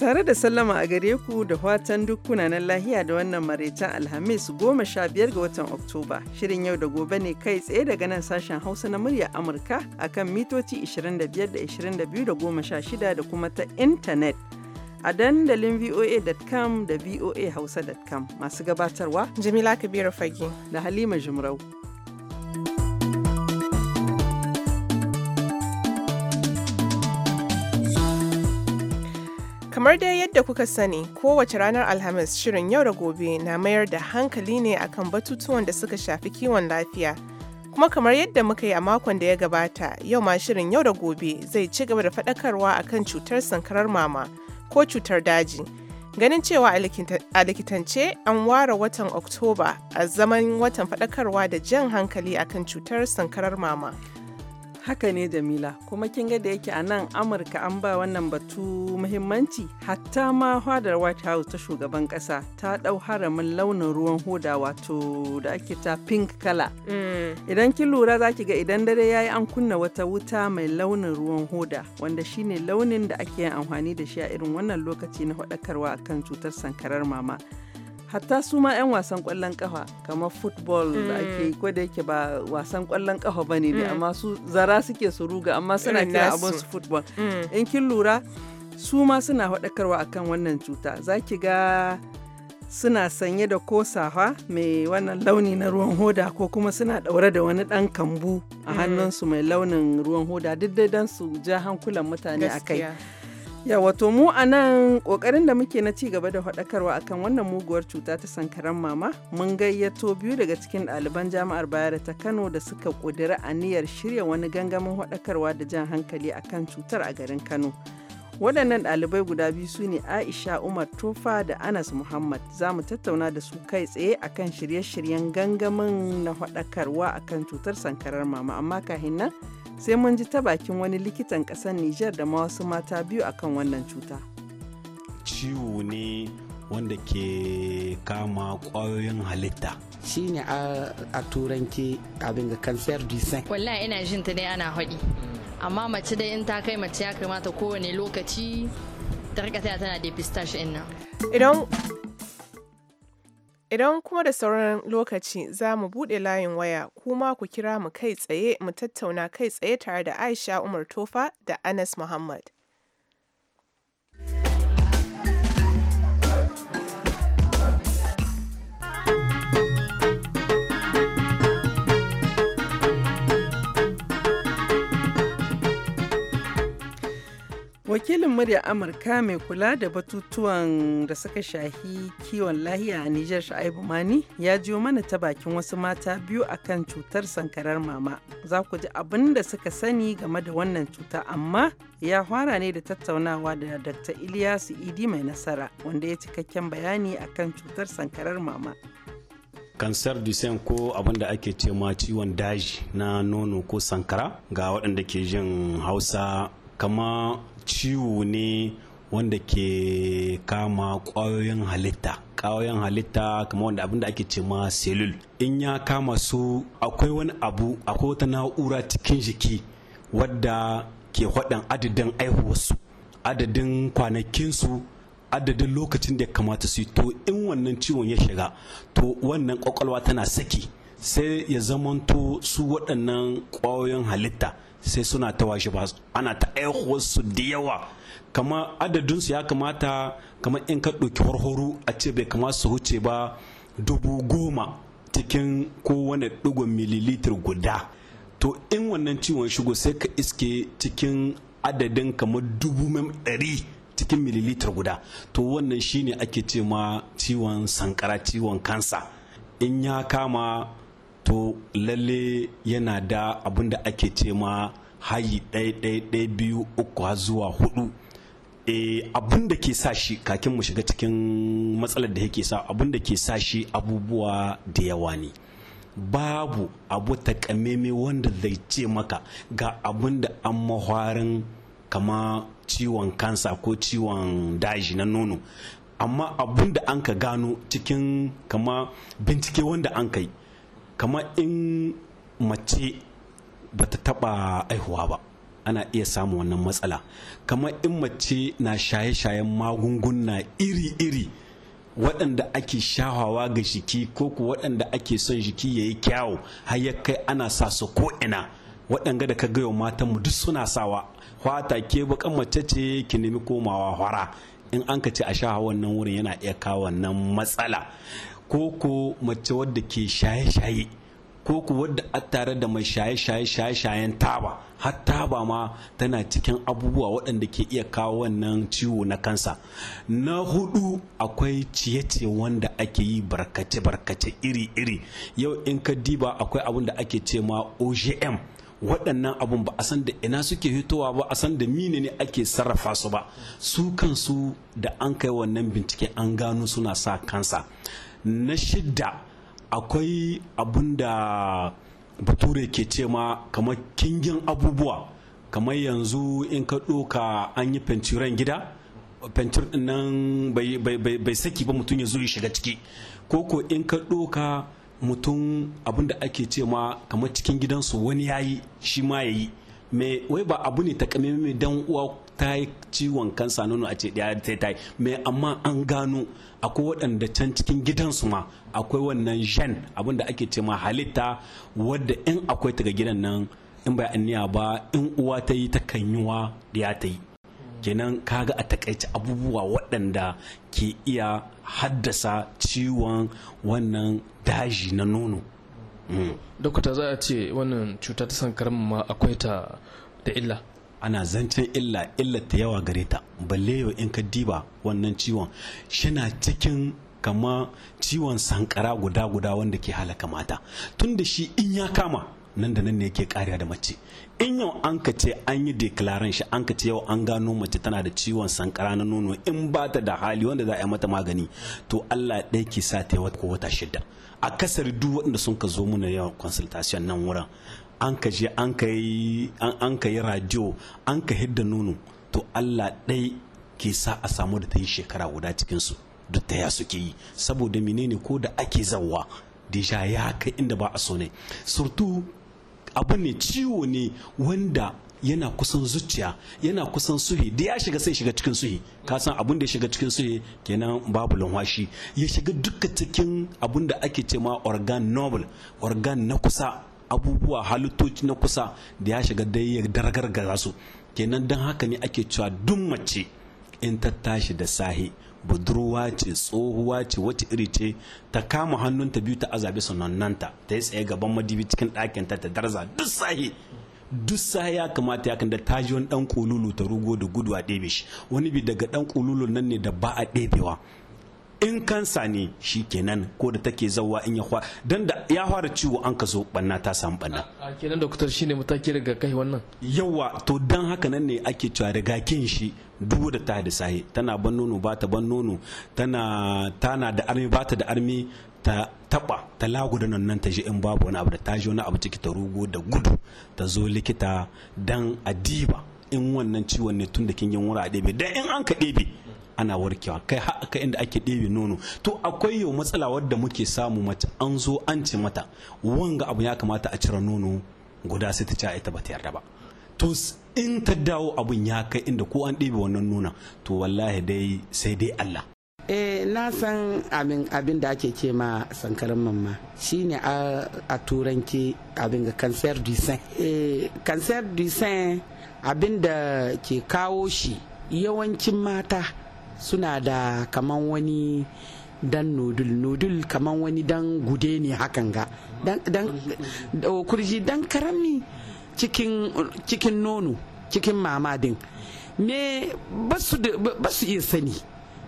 Tare da sallama a gare ku da fatan duk kunanan lahiya da wannan maraicen Alhamis goma sha biyar ga watan Oktoba. Shirin yau da gobe ne kai tsaye daga nan sashen Hausa na murya Amurka akan mitoci 25 da 22 da goma sha shida da kuma ta intanet. A dandalin voa.com da voahausa.com masu gabatarwa Jamila Kabiru Fage da Halima Jumrau. Kamar dai yadda kuka sani, kowace ranar Alhamis shirin yau da gobe na mayar da hankali ne akan batutuwan da suka shafi kiwon lafiya. Kuma kamar yadda muka yi a makon da ya gabata, yau ma shirin yau da gobe zai ci gaba da faɗakarwa akan cutar sankarar mama ko cutar daji. Ganin cewa a likitance an ware watan Oktoba a zaman watan faɗakarwa da jan hankali akan cutar sankarar mama. Haka ne Jamila, kuma kin ga da yake a nan Amurka an ba wannan batu muhimmanci, hatta ma hadar White House ta shugaban ƙasa ta ɗau haramin launin ruwan hoda wato da ake ta pink kala. Mm. Idan kin lura za ki ga idan dare ya yi an kunna wata wuta mai launin ruwan hoda, wanda shine launin da ake yin amfani da shi a irin wannan lokaci na faɗakarwa akan cutar sankarar mama. hatta su ma 'yan wasan kwallon kafa kamar football da ake mm. ko da yake ba wasan kwallon kafa ba ne mm. amma su zara suke su ruga amma suna kira abin su football mm. in kin lura su ma suna faɗakarwa akan wannan cuta za ki ga suna sanye da ko safa mai wannan launi na ruwan hoda ko kuma suna ɗaure da wani ɗan kambu a hannunsu mai launin ruwan hoda duk dai don su ja hankulan mutane a kai. Yawa to mu a nan ƙoƙarin da muke na cigaba da faɗakarwa akan wannan muguwar cuta ta sankaran mama mun gayyato biyu daga cikin ɗaliban jami'ar Bayero ta Kano da suka ƙudiri aniyar shirya wani gangamin faɗakarwa da jan hankali akan cutar a garin Kano. Waɗannan ɗalibai guda biyu su ne Aisha Umar Tufa da Anas Muhammad za mu tattauna da su kai tsaye akan shirye-shiryen gangamin na faɗakarwa akan cutar sankarar mama amma kahin nan sai mun ji ta bakin wani likitan ƙasar Nijar da ma wasu mata biyu akan wannan cuta. Ciwo ne wanda ke kama ƙwayoyin halitta. Shi ne a turanci abin da kansar disan. Wallahi ina jin ta dai ana haɗi. Amma mace dai in ta kai mace ya kamata kowane lokaci ta rika tana da ɗin ina. Idan Idan kuma da sauran lokaci za mu buɗe layin waya kuma ku kira mu kai tsaye mu tattauna kai tsaye tare da Aisha Umar Tofa da Anas Muhammad. wakilin murya amurka mai kula da batutuwan da suka shahi kiwon lahiya a nijar sha'ibu mani ya jiyo mana ta bakin wasu mata biyu akan cutar sankarar mama za ku ji abin da suka sani game da wannan cuta amma ya fara ne da tattaunawa da dr ilyasu idi mai nasara wanda ya cikakken bayani akan cutar sankarar mama kansar du ko abin da ake ce ma ciwon daji na nono ko sankara ga waɗanda ke jin hausa kama ciwo ne wanda ke kama ƙwayoyin halitta ƙwayoyin halitta kamar wanda abinda ake ce ma selul in ya kama su akwai wani abu akwai wata na'ura cikin jiki wadda ke haɗin adadin aihuwarsu adadin kwanakinsu adadin lokacin da ya kamata su yi to in wannan ciwon ya shiga to wannan ƙwaƙwalwa tana saki sai ya zamanto su waɗannan ƙwayoyin halitta sai suna ta washe ba ana ta su da yawa kama adadinsu ya kamata kama in ka ɗauki horhoro a ce bai kama su huce ba dubu goma cikin kowane ɗigon mililitar guda to in wannan ciwon shigo sai ka iske cikin adadin kamar dubu mem ɗari cikin mililitar guda to wannan shine ake ce ma ciwon sankara ciwon kansa in ya kama to lalle yana da abinda ake ce ma hayi ɗaya ɗaya ɗaya biyu uku har zuwa hudu e, eh, abin da ke sa shi kakin mu shiga cikin matsalar da yake sa abin da ke sa shi abubuwa da yawa ne babu abu takameme wanda zai ce maka ga abin da an mahwarin kama ciwon kansa ko ciwon daji na nono amma abin da an ka gano cikin kama bincike wanda an kai kamar in mace ba ta taɓa aihuwa ba ana iya samun wannan matsala kamar in mace na shaye-shayen magunguna iri-iri waɗanda ake shahawa ga jiki ko ku waɗanda ake son jiki ya yi kyawu har ya kai ana sa su ko'ina waɗanga da ka gaya matanmu duk suna sawa hwata ke bakan mace ce ki nemi komawa hwara in an ka ce a sha wannan wurin yana iya kawo wannan matsala ko ko mace wadda ke shaye-shaye ko ku wadda a tare da mai shaye-shaye shaye-shayen taba har taba ma tana cikin abubuwa waɗanda ke iya kawo wannan ciwo na kansa na hudu akwai ciye-ciye wanda ake yi barkace-barkace iri-iri yau in ka diba akwai abin da ake ce ma ogm waɗannan abun ba a san da ina suke hitowa ba a san da mine ne ake sarrafa su ba su kansu da an kai wannan bincike an gano suna sa kansa na shidda akwai abun da bature ke ce ma kamar kingin abubuwa kamar yanzu in ka ɗoka an yi fenturen gida fentur nan bai saki ba mutum ya zo shiga ciki ko in ka ɗoka mutum abin da ake ce ma kamar cikin gidansu wani ya yi shi ma ya yi mai wai ba abu ne takamaimai dan uwa ta yi ciwon kansa nono a ce ɗaya ta yi mai amma an gano akwai waɗanda can cikin gidansu ma akwai wannan jen abin da ake ce ma halitta wadda in akwai daga gidan nan in bai aniya ba in uwa ta yi ta kan yi wa ɗaya ta yi kenan kaga a takaice abubuwa waɗanda ke iya haddasa ciwon wannan daji na nono mm. dokta za a ce wannan cuta ta sankarar ma akwai ta da illa ana zancen illa illa ta yawa gare ta balle yau in ka diba wannan ciwon shina cikin kama ciwon sankara guda guda wanda ke halaka mata tun da shi in ya kama nan da nan ne yake kariya da mace in yau an ka ce an yi declaration shi an ka ce yau an gano mace tana da ciwon sankara na nono in ba ta da hali wanda za a yi mata magani to Allah ɗaya ke sa ta wata wata shida a kasar duk waɗanda sun ka zo muna yawan consultation nan wurin an ka je an ka yi radio an ka hidda nono to Allah ɗaya ke sa a samu da ta yi shekara guda cikin su duk ta ya suke yi saboda menene ko da ake zawa deja ya kai inda ba a so ne surtout abu ne ciwo ne wanda yana kusan zuciya yana kusan suhi da ya shiga sai shiga cikin suhi ka san abin da ya shiga cikin suhi kenan babu lanwashi ya shiga duka cikin abin da ake ce ma organ noble organ na kusa abubuwa halittoci na kusa da ya shiga dai ya dargargaza su kenan don haka ne ake cewa duk mace in ta tashi da sahi budurwa ce tsohuwa ce wata iri ce ta kama hannunta biyu ta azabe sanannanta ta yi tsaye gaban madibi cikin ɗakin ta ta darza duk sahi duk sahi ya kamata ya kanda ta ji wani ɗan kululu ta rugo da gudu a ɗebe shi wani bi daga ɗan kululu nan ne da ba a ɗebewa in kansa ne shi kenan ko da take zawa in ya dan da ya fara ciwo an ka zo banna ta samu banna a kenan doktor shine mataki daga kai wannan yawa to dan haka nan ne ake cewa riga kin shi duk da ta da sahi tana ban nono ba ta ban nono tana tana da armi ba ta da armi ta taba ta laguda nan nan ta ji in babu wani abu da ta je wani abu ciki ta rugo da gudu ta zo likita dan adiba in wannan ciwon ne tun da kin yin wura a ɗebe dan in an ka ɗebe ana warkewa kai har aka inda ake ɗebe nono to akwai yau matsala wadda muke samu mace an zo an ce mata wanga abu ya kamata a cire nono guda sai ta ci ita ba ta yarda ba to in ta dawo abun ya kai inda ko an ɗebe wannan nuna to wallahi dai sai dai Allah eh na san abin abin da ake ce ma sankaran mamma shine a, a turanci abin ga cancer du sein eh cancer du sein abin da ke kawo shi yawancin mata suna da kaman wani dan nodul nodul kaman wani dan gude ne hakan ga kurji dan karami cikin nono cikin mamadin me ba su iya sani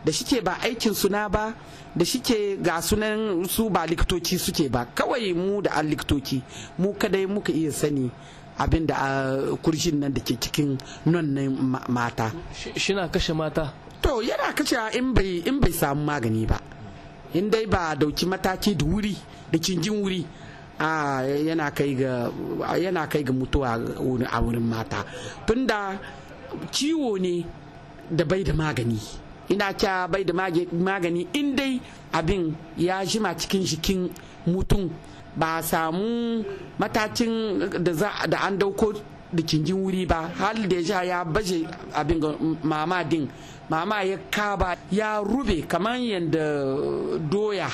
da shike ba aikin suna ba da shike ga sunan su ba likitoci suke ba kawai mu da an likitoci mu kadai muka iya sani abinda da kurshin nan da ke cikin nan mata shina kashe mata to yana kacewa in bai in bai samu magani ba in dai ba dauki mataki da wuri da cinjin wuri a yana kai ga yana kai ga mutuwa a wurin mata tunda ciwo ne da bai da magani ina kya bai da magani in dai abin ya jima cikin jikin mutum ba samu matakin da an dauko bikin wuri ba hal da ya ya baje abin ga mama din mama ya kaba ya rube kamar yadda doya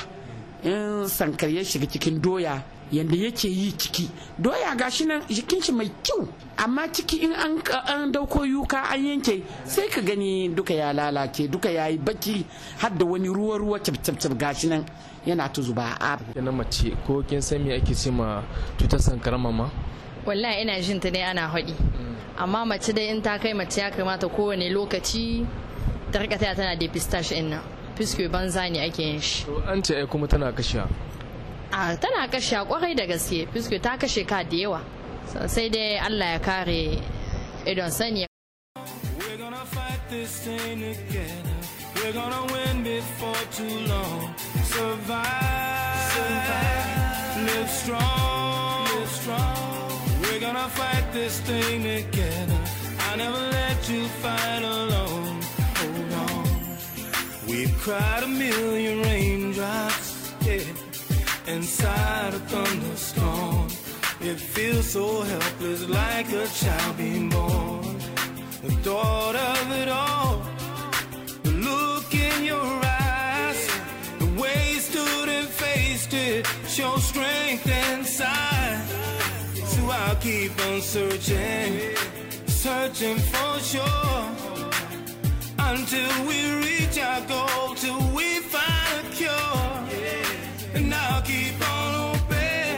in sankar ya shiga cikin doya yadda yake yi ciki doya shi nan jikin shi mai kyau amma ciki in an an dauko yuka an yanke sai ka gani duka ya lalace duka ya yi baki har da wani ruwa ruwa cap shi nan yana ta zuba a na mace ko kin san me ake ce ma cutar mama wallahi ina jin ta dai ana haɗi amma mace dai in ta kai mace ya kamata kowane lokaci ta rika taya tana depistage ɗin nan fiske banza ne ake yin shi an ce ai kuma tana kashiya a tana kashiya kwarai da gaske fiske ta kashe ka da yawa sai dai Allah ya kare idan sani Survive, survive, live strong. this thing together. I never let you fight alone. Hold on. We've cried a million raindrops, yeah, inside a thunderstorm. It feels so helpless, like a child being born. The thought of it all, the look in your eyes, the way you stood and faced it, show strength inside. I'll keep on searching, searching for sure. Until we reach our goal, till we find a cure. And I'll keep on open,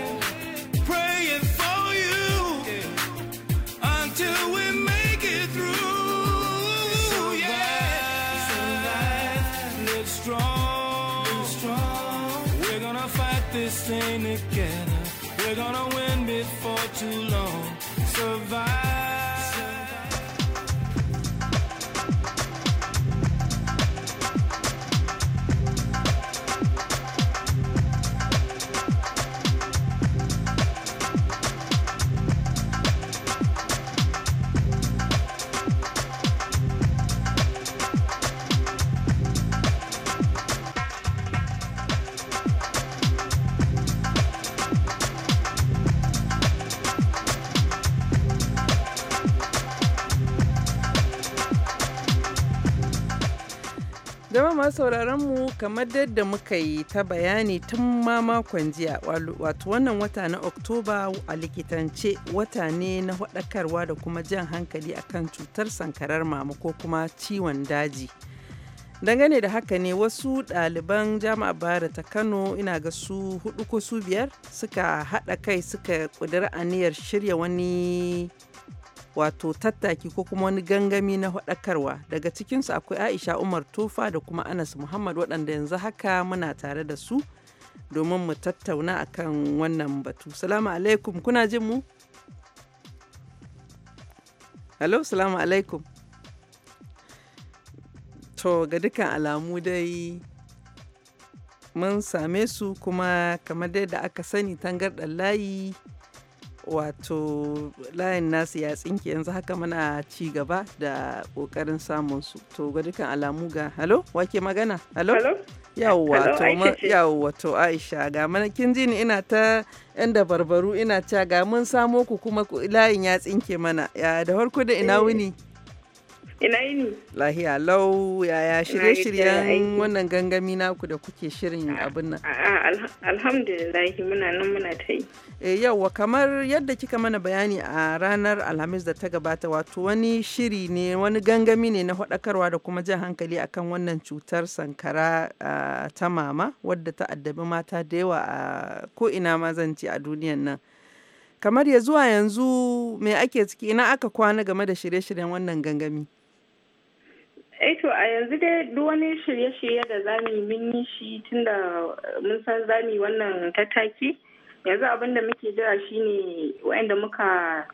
praying for you. Until we make it through. strong. strong. We're gonna fight this thing together. We're gonna win too long. Survive. sauraron mu kamar yadda muka yi ta bayani tun ma makon jiya wato wannan wata na oktoba a likitance wata ne na hudakarwa da kuma jan hankali akan cutar sankarar mama ko kuma ciwon daji dangane da haka ne wasu ɗaliban jama'a bara ta kano ina ga su hudu ko su biyar suka haɗa kai suka ƙudiri aniyar shirya wani wato tattaki ko kuma wani gangami na haɗakarwa daga cikinsu akwai aisha umar tufa da kuma anas muhammad waɗanda yanzu haka muna tare da su domin mu tattauna akan wannan batu salamu alaikum kuna jin mu hello salamu alaikum to ga dukkan alamu dai mun same su kuma kamar dai da aka sani tangar layi wato layin nasu ya tsinke yanzu haka muna ci gaba da kokarin samun su to ga dukan alamu ga halo wake magana halo yawwa to Aisha ga mana kin ji ni ina ta yan barbaru ina ta ga mun samo ku kuma layin ya tsinke mana ya da farko da ina eh. wuni Ina yini? Lahiya lau yaya shirye-shiryen wannan gangami naku da kuke shirin abin nan. Alhamdulillah muna nan muna ta yi. E, yauwa kamar yadda kika mana bayani a ranar Alhamis da ta gabata wato wani shiri ne wani gangami ne na hudakarwa da kuma jan hankali akan wannan cutar sankara ta mama wadda ta addabi mata da yawa a ko'ina ma zan ce a duniyan nan. Kamar ya zuwa yanzu me ake ciki ina aka kwana game da shirye-shiryen wannan gangami? Eto eh, to a yanzu dai duk wani shirye-shirye da zami mun yi shi tunda eh, mun san zami wannan tattaki yanzu abin da muke jira shine wa'anda muka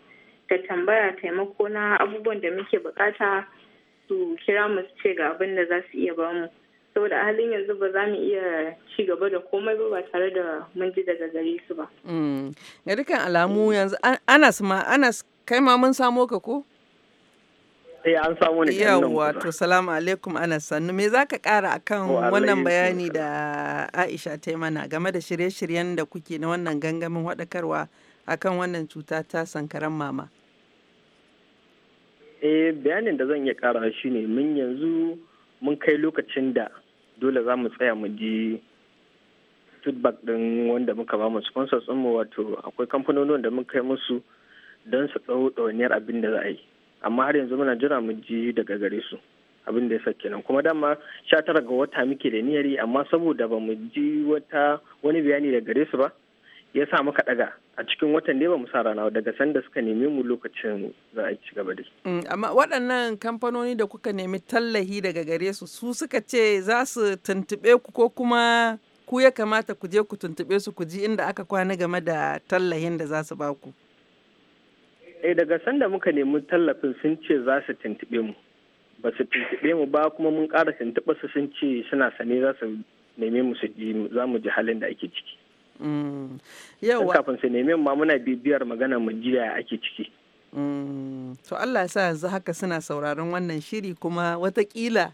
da tambaya taimako na abubuwan da muke bukata su kira mu ce ga abin da za su iya bamu saboda halin yanzu ba za mu iya ci gaba da komai ba ba tare da mun ji daga gare su ba. Mm. ga dukkan alamu yanzu ma ana kai ma mun samo ka ko? eh an samu ne yawa to salamu alaikum ana sannu me zaka kara akan wannan bayani da Aisha ta yi mana game da shirye-shiryen da kuke na wannan gangamin wadakarwa akan wannan cuta ta sankaran mama eh bayanin da zan iya kara shine mun yanzu mun kai lokacin da dole za mu tsaya mu ji feedback ɗin wanda muka ba mu sponsors mu wato akwai kamfanonin da mun kai musu don su ɗau ɗauniyar abin da za a yi amma har yanzu muna jira mu ji daga gare su abin da ya sake nan kuma dama sha tara ga wata muke da niyyari amma saboda ba mu ji wata wani bayani daga gare su ba ya sa muka daga a cikin watan da ba mu sa rana daga sanda suka neme mu lokacin za a ci gaba da mm, amma waɗannan kamfanoni da kuka nemi tallahi daga gare su su suka ce za su tuntuɓe ku ko kuma ku ya kamata ku je ku tuntuɓe su ku ji inda aka kwana game da tallahin da za su ba ku eh daga sanda muka nemi tallafin sun ce za su tuntuɓe mu ba su tuntuɓe mu ba kuma mun ƙara tuntuɓa su sun ce suna sane za su neme mu su ji za mu ji halin da ake ciki mm. yawa kafin su neme ma muna bibiyar magana mu jiya ake ciki mm. to Allah ya sa yanzu haka suna sauraron wannan shiri kuma watakila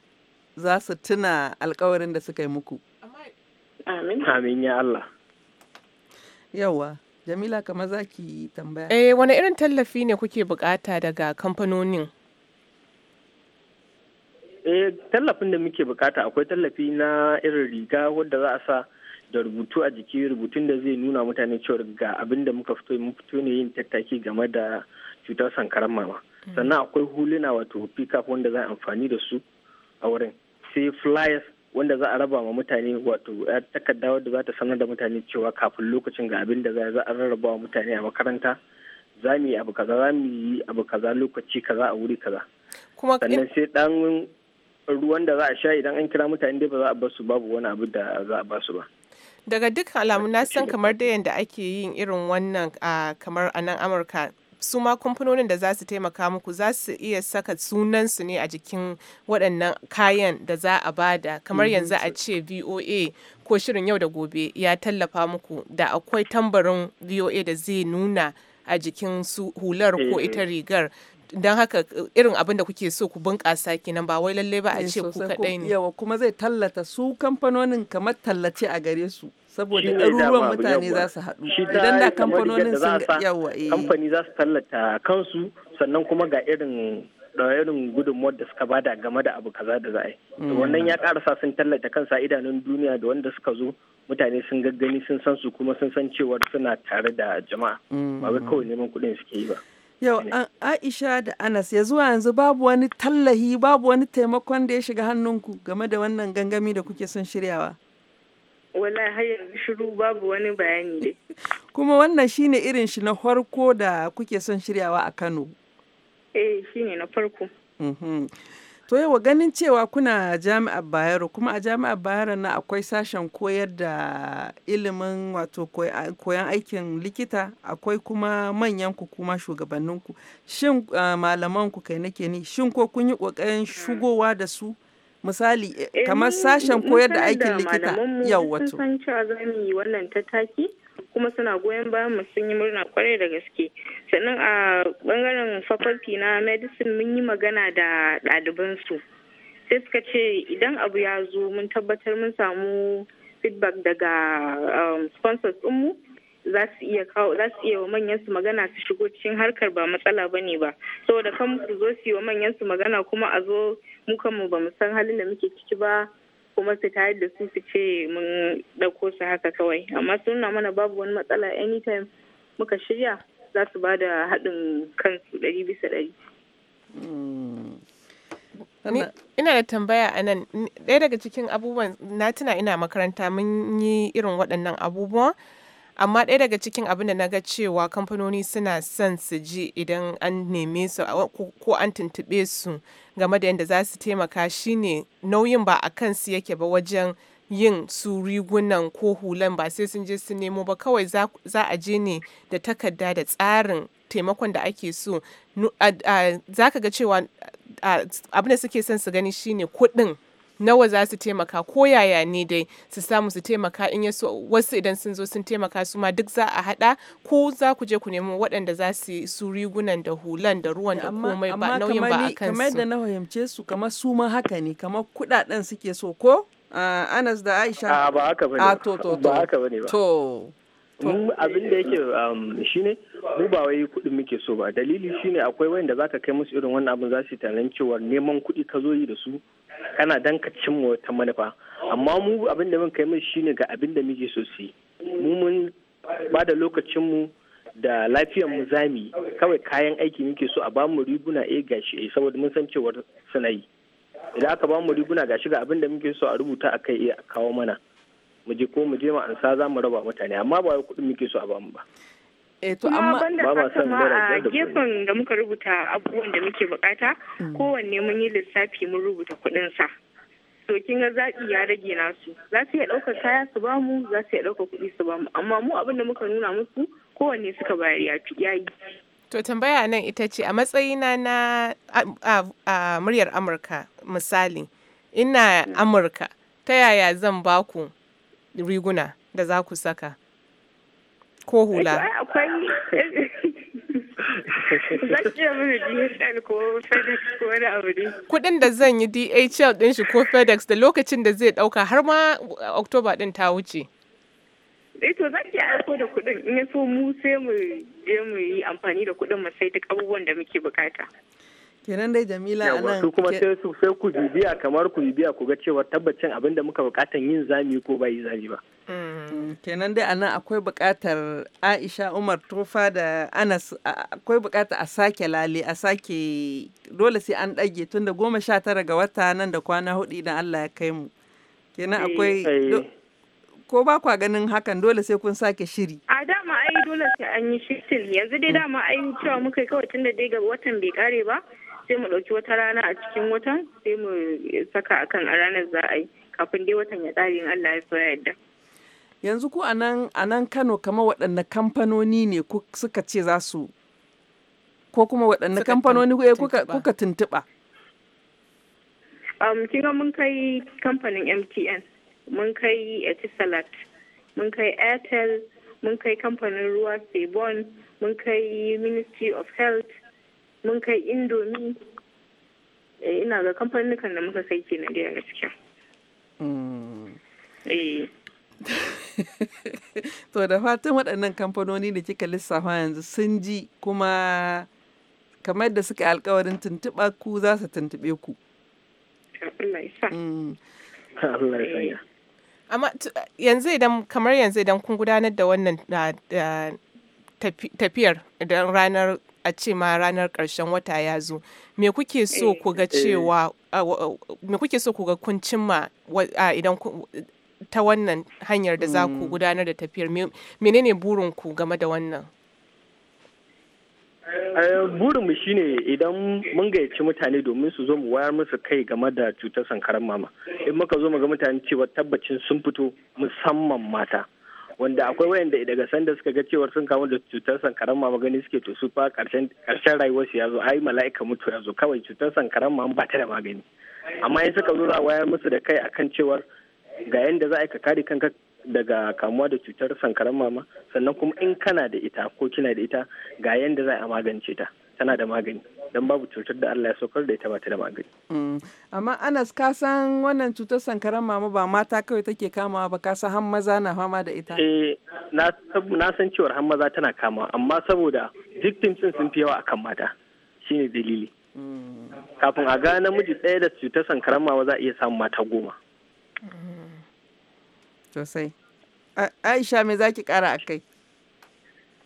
za su tuna alkawarin da suka yi muku amin ya Allah yawa Jamila kamar za ki tambaya. Eh wani irin tallafi ne kuke bukata daga kamfanonin? Eh tallafin da muke bukata akwai tallafi na irin riga wadda za a sa da rubutu a jiki rubutun da zai nuna mutane cewa ga abin da muka fito mun fito ne yin tattaki game da cutar sankaran mama. Mm. Sannan akwai huluna wato fika wanda za a amfani da su a wurin. Sai flyers wanda za a raba wa mutane wato ya takarda wadda za ta sanar da mutane cewa kafin lokacin ga abin da za a rarraba wa mutane a makaranta za mu yi abu kaza za mu yi abu kaza lokaci kaza a wuri kaza sannan sai dan ruwan da za a sha idan an kira mutane dai ba za a bar su babu wani abu da za a ba su ba daga dukkan alamu na san kamar da yadda ake yin irin wannan kamar a nan amurka su ma kamfanonin da za su taimaka muku za su iya saka sunansu ne a jikin waɗannan kayan da za a bada kamar mm-hmm. yanzu a ce voa ko shirin yau da gobe ya tallafa muku da akwai tambarin voa da zai nuna a jikin su hular ko eh. ita rigar don haka eh, irin abin da kuke so ku bunƙasa kenan ba wai lalle ba a eh, ce ku kaɗai ne kuma zai tallata su kamfanonin kamar tallace a gare su saboda ɗaruruwan mutane za su haɗu idan da kamfanonin sun yawa eh. kamfani za su tallata kansu sannan kuma ga irin da irin gudunmuwar da suka bada game da abu kaza da za'a yi mm. wannan ya karasa sun tallata kansa idanun duniya da wanda suka zo mutane sun gaggani sun san su kuma sun san cewar suna tare da jama'a mm. ba wai kawai neman kuɗin suke yi ba yau aisha da anas ya zuwa yanzu babu wani tallahi babu wani taimakon da ya shiga hannunku game da wannan gangami da kuke son shiryawa wala har shiru babu wani bayani dai kuma wannan shine irin shi na farko da kuke son shiryawa a Kano eh shine na farko mhm. to yawa ganin cewa kuna jami'ar bayero kuma a jami'ar bayero na akwai sashen koyar da ilimin wato koyan aikin likita akwai kuma manyan ku kuma shugabanninku shin ah, malaman ku kai nake ni shin ko kun yi kokarin hmm. shigowa da su misali eh, eh, kamar sashen koyar da aikin likita yau wato san cewa za mu yi wannan tattaki kuma suna goyon bayan mu sun yi murna kwarai da gaske sannan a bangaren faculty na medicine mun yi magana da ɗaliban su sai suka ce idan abu ya zo mun tabbatar mun samu feedback daga um, sponsors ɗinmu za su iya kawo za su iya wa manyan su magana su shigo cikin harkar ba matsala ne ba saboda kan su zo su yi wa manyan su magana kuma a zo mu kanmu ba mu san halin da muke ciki ba kuma su tayar da su su ce mun ɗauko su haka kawai amma sun nuna mana babu wani matsala anytime muka shirya za su ba da haɗin kansu ɗari bisa ɗari. ina da tambaya a nan ɗaya daga cikin abubuwan na tuna ina makaranta mun yi irin waɗannan abubuwan amma ɗaya daga cikin abin da na ga cewa kamfanoni suna son su ji idan an neme su ko an tuntuɓe su game da yadda za su taimaka shine nauyin ba a kansu yake ba wajen yin su rigunan ko hulan ba sai sun je su nemo ba kawai za a je ne da takarda da tsarin taimakon da ake so za ka ga cewa abin da suke son su gani shine kuɗin nawa za su taimaka ko yaya ne dai su samu su taimaka in yaso wasu idan sun zo sun taimaka su ma duk za a hada ko za ku je ku nemo waɗanda za su su rigunan da hulan da ruwan da komai ba nauyin ba a kansu kamar da na fahimce su kamar su ma haka ne kamar kudaden suke so ko ah, Anas da Aisha ah, ba ah, haka bane ba to to to to mu abin da yake um, ne mu ba wai kuɗin muke so ba dalili shi ne akwai wanda zaka kai musu irin wannan abin za su tunanin cewa neman kuɗi ka zo yi da su kana dan ka ta wata manufa amma mu abin da mun kai musu ne ga abin da muke so su mu mun ba da lokacin mu da lafiyar mu zami kawai kayan aiki muke so a ba mu riguna eh gashi eh, saboda mun san cewar suna yi idan aka ba mu riguna gashi ga abin da muke so a rubuta a akai eh, a kawo mana mu je ko mu je ansa za mu raba mutane amma ba wai kuɗin muke so a bamu ba eh, to amma ba ma son a gefen da muka rubuta abubuwan da muke bukata mm. kowanne mun yi lissafi mun rubuta kuɗin sa to kin ga zaɓi ya rage nasu za su iya ɗaukar kaya su ba mu za su iya ɗaukar kuɗi su ba mu amma mu abin da muka nuna musu kowanne suka bayar ya yayi to tambaya nan ita ce a matsayina na a muryar amurka misali ina mm. amurka ta yaya zan ba ku. riguna da za ku saka ko hula akwai Kudin da zan yi DHL din shi ko FedEx da lokacin da zai dauka har ma Oktoba din ta wuce. eh to zan je aiko da kuɗin in so mu sai mu je mu yi amfani da kuɗin mu sai duk abubuwan da muke bukata. kenan dai jamila a nan kuma sai ku bibiya kamar ku bibiya ku ga cewa tabbacin abin da muka bukatan yin zami ko ba zami ba mm, kenan dai a nan akwai bukatar aisha umar tufa da anas akwai bukatar a sake lale a sake dole sai an dage tun da goma sha tara ga wata nan da kwana hudu idan allah ya kai mu kenan eh, akwai eh. ko ba kwa ganin hakan dole sai kun sake shiri a dama ai dole sai an yi shiftil yanzu dai dama ai cewa muka kawai tun da dai ga watan bai kare ba sai mu ɗauki wata rana a cikin watan sai mu saka akan a ranar za a yi kafin dai watan ya tsari in Allah ya so ya Yanzu ku a nan Kano kamar waɗanne kamfanoni ne suka ce za su ko kuma waɗanne kamfanoni eh, kuka tuntuɓa? Um, kinga mun kai kamfanin MTN, mun kai Etisalat, mun kai Airtel, mun kai kamfanin ruwa Sebon, mun kai Ministry of Health, mun kai indomi eh, ina ga kamfanin da muka sai ke na da gaskiya mm. eh. to da fatan waɗannan kamfanoni da kika lissafa yanzu sun ji kuma kamar da suka alkawarin tuntuɓa ku za su tuntuɓe ku mm. eh. amma yanzu idan kamar yanzu idan kun gudanar da wannan tafiyar idan ranar a ce ma ranar karshen wata ya zo me kuke so ku ga cewa kun cimma idan ta wannan hanyar da za ku mm. gudanar da tafiyar menene burin ku game da wannan eh, eh, burin mu shine idan mun gayyaci mutane domin su zo mu wayar musu kai game da cutar sankaran mama in muka zo mu ga mutane cewa tabbacin sun fito musamman mata wanda akwai wayanda daga sanda suka ga cewar sun kamu da cutar sankaran mama gani suke to su fa karshen rayuwar su yazo ai mala'ika mutu yazo kawai cutar sankaran mama ba ta da magani amma in suka zo wayar musu da kai akan cewar ga yanda za a ka kare kanka daga kamuwa da cutar sankaran mama sannan kuma in kana da ita ko kina da ita ga yanda za a magance ta tana da magani dan babu cutar da Allah ya saukar da ita ba ta da magani mm. amma Anas ka san wannan cutar sankaran mama ba mata kawai take kamawa ba ka san har maza na fama da ita eh na san cewar har maza tana kamawa amma saboda victims sun fi yawa akan mata shine dalili mm. kafin a ga namiji ɗaya da cutar sankaran mama za a iya samun mata goma mm. sosai aisha me zaki kara a kai.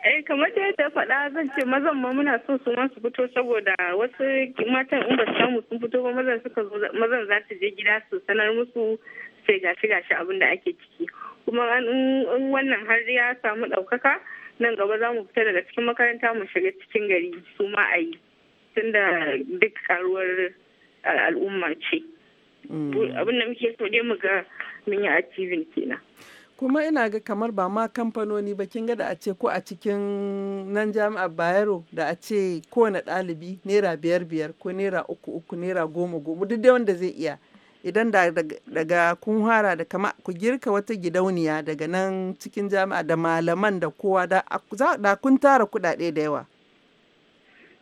Eh kamar da yadda faɗa zan ce mazan ma muna so su su fito saboda wasu matan in ba su samu sun fito ba mazan suka zo mazan za su je gida su sanar musu sai gashi gashi abin da ake ciki kuma in wannan har ya samu ɗaukaka nan gaba za mu fita daga cikin makaranta mu shiga cikin gari su ma a yi tunda duk karuwar al'umma ce mm. abin da muke so dai mu ga mun yi achieving kenan kuma ina ga kamar ba ma kamfanoni ba kin ga da a ce ko a cikin nan jami'ar bayero da a ce kowane ɗalibi naira biyar biyar ko naira uku uku naira goma goma duk dai wanda zai iya idan da daga kun hara da kama ku girka wata gidauniya daga nan cikin jami'a da malaman da kowa da kun tara kuɗaɗe da yawa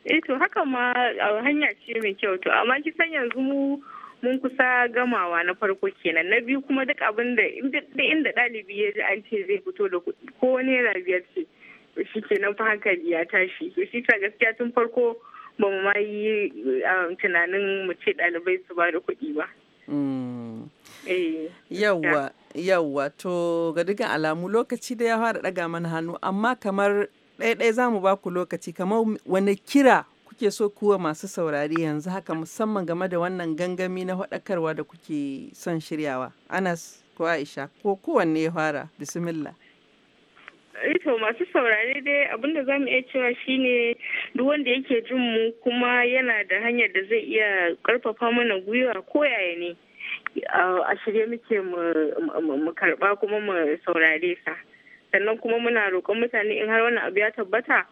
eh to haka ma hanya ce mai kyau to amma kisan yanzu mu mun kusa gamawa na farko kenan na biyu kuma duk abin da inda ɗalibi ya ji an ce zai fito da kuɗi ko naira biyar ce shi kenan fa hankali ya tashi to shi ta gaskiya tun farko ba mu ma yi um, tunanin mu ce ɗalibai su ba da kuɗi ba. Mm. Eh, yawwa, yawwa to ga dukkan alamu lokaci da ya fara daga mana hannu amma kamar ɗaya-ɗaya za mu ba ku lokaci kamar wani kira kuke so kuwa masu saurari yanzu haka musamman game da wannan gangami na faɗakarwa da kuke son shiryawa? Anas ko Aisha ko kowanne ya fara bismillah. Eh to masu saurare dai abinda za mu iya cewa shine duk wanda yake jin mu kuma yana da hanyar da zai iya karfafa mana gwiwa ko yaya ne a shirye muke mu karba kuma mu saurare sa sannan kuma muna roƙon mutane in har wani abu ya tabbata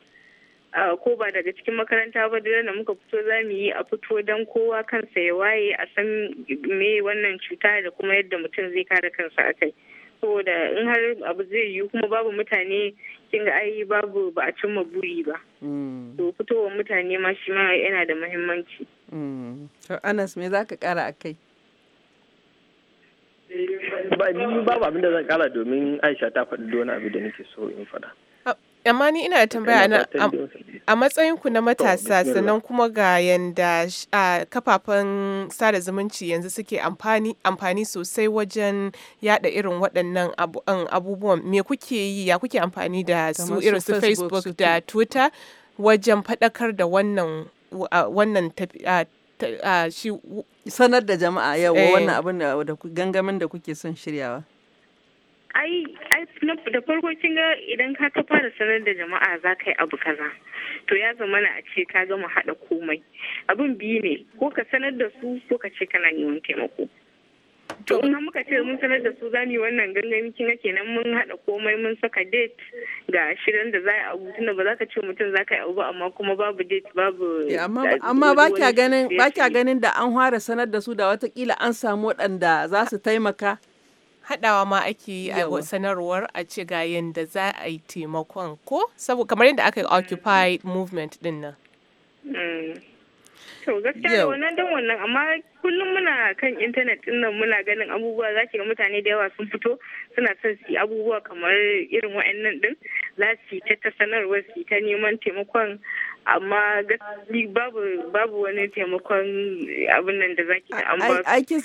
ko ba daga cikin makaranta ba da muka fito za mu yi a fito don kowa kansa ya waye a san me wannan cuta da kuma yadda mutum zai kare kansa a kai saboda in har abu zai yiwu kuma babu mutane kin ga ai babu ba a cimma buri ba mm. to fitowar mutane ma shi ma yana da muhimmanci mm. to anas me zaka kara a kai. babu abin da zan kara domin aisha ta faɗi don abin da nake so in faɗa amma ni ina tambaya na a ku na matasa sannan kuma ga yanda kafafen sada zumunci yanzu suke amfani sosai wajen yada irin waɗannan um, abubuwan me kuke yi ya kuke amfani da su irin su facebook da twitter wajen faɗakar da wannan wannan sanar da jama'a yau eh. wannan abin da gangamin da kuke son shiryawa ai da farko kin ga idan ka ta fara sanar da jama'a za ka yi abu kaza to ya zama na a ce ka gama haɗa komai abin biyu ne ko ka sanar da su ko ka ce kana neman taimako to in muka ce mun sanar da su za wannan gangami kin ga kenan mun haɗa komai mun saka date ga shirin da za a abu tunda ba za ka ce mutum za ka yi abu amma kuma babu date babu amma ba kya ganin da an fara sanar da su da watakila an samu waɗanda za su taimaka haɗawa ma ake yi a sanarwar a ce ga yadda za a yi taimakon ko saboda kamar yadda aka yi mm. occupied movement din nan mm. to gaskiya wannan don wannan amma kullum muna kan intanet din nan muna ganin abubuwa za ki ga mutane da yawa sun fito suna son su abubuwa kamar irin wa'annan din za su ta ta sanarwa su ta neman taimakon amma babu babu wani taimakon abin nan da zaki da an ba aikin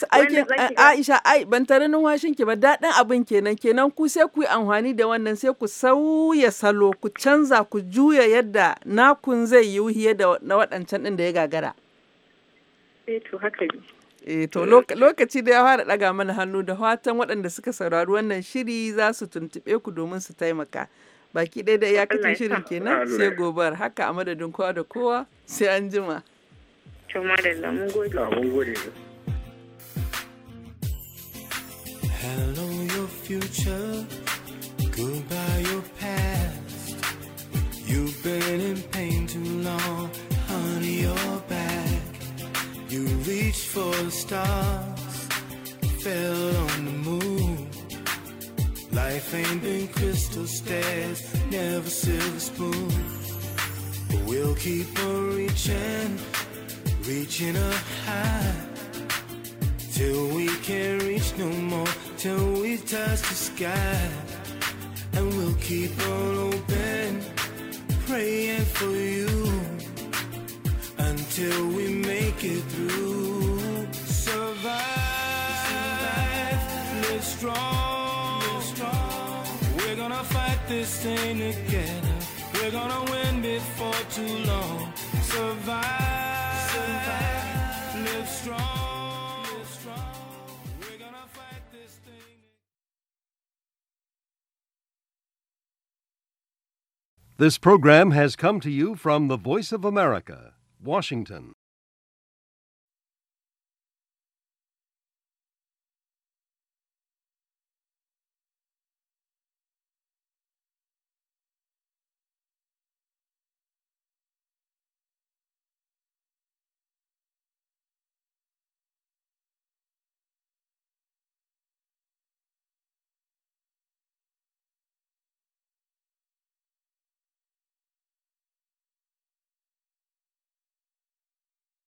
Aisha ai ban tare numfashin ki ba daɗin abin kenan kenan ku sai ku yi amfani da wannan sai ku sauya salo ku canza ku juya yadda nakun zai yi wuhiye da na waɗancan ɗin da ya gagara Eh, to haka yi. E, eh, to lokaci da ya fara daga mana hannu da fatan waɗanda suka saurari wannan shiri za su tuntuɓe ku domin su taimaka. Baki ɗaya da iyakacin shirin kenan sai gobar haka a madadin kowa da kowa sai an jima. Ah, Hello your future, goodbye for the stars, fell on the moon. Life ain't been crystal stairs, never silver spoon. But we'll keep on reaching, reaching up high. Till we can't reach no more, till we touch the sky. And we'll keep on open, praying for you until we make it through. strong. strong. We're gonna fight this thing together. We're gonna win before too long. Survive. Survive. Live strong. This program has come to you from the Voice of America, Washington.